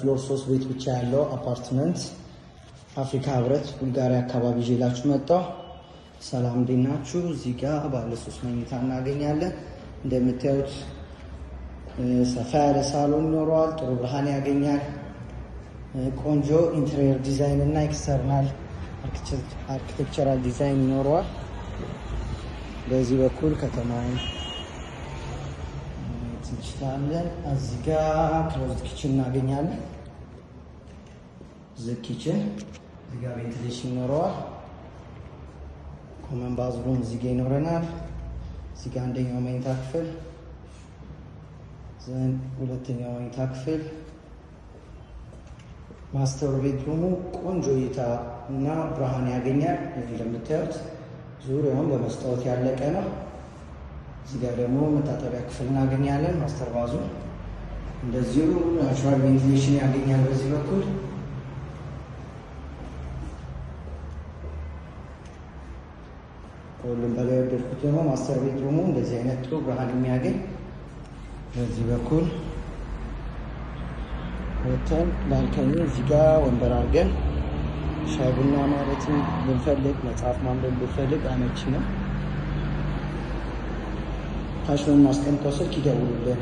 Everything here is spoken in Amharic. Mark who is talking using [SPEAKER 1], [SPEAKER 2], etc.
[SPEAKER 1] ፍሎር ሶስት ቤት ብቻ ያለው አፓርትመንት አፍሪካ ህብረት ቡልጋሪያ አካባቢ ይዤላችሁ መጣሁ። ሰላም እንዴት ናችሁ? እዚህ ጋር ባለ ሶስት መኝታ እናገኛለን። እንደምታዩት ሰፋ ያለ ሳሎን ይኖረዋል። ጥሩ ብርሃን ያገኛል። ቆንጆ ኢንተሪየር ዲዛይን እና ኤክስተርናል አርኪቴክቸራል ዲዛይን ይኖረዋል። በዚህ በኩል ከተማ እንችላለን። እዚህ ጋር ክሎዝድ ኪችን እናገኛለን። ዝግ ኪችን እዚህ ጋር ቬንቲሌሽን ይኖረዋል። ኮመን ባዝሩም እዚህ ጋር ይኖረናል። እዚህ ጋር አንደኛው መኝታ ክፍል፣ ዘን ሁለተኛው መኝታ ክፍል። ማስተር ቤድሩሙ ቆንጆ እይታ እና ብርሃን ያገኛል። እንደምታዩት ዙሪያውን በመስታወት ያለቀ ነው። እዚህ ጋር ደግሞ መታጠቢያ ክፍል እናገኛለን። ማስተር ባዙ እንደዚሁ ናቹራል ቬንቲሌሽን ያገኛል በዚህ በኩል ከሁሉም በላይ ወደድኩት ደግሞ ማስተር ቤት ቤድሩሙ እንደዚህ አይነት ጥሩ ብርሃን የሚያገኝ በዚህ በኩል ወተን ባልከኒ እዚህ ጋር ወንበር አድርገን ሻይ ቡና ማለትም ብንፈልግ መጽሐፍ ማንበብ ብንፈልግ አመቺ ነው። taşlanmaz temposu 2'de vuruldu.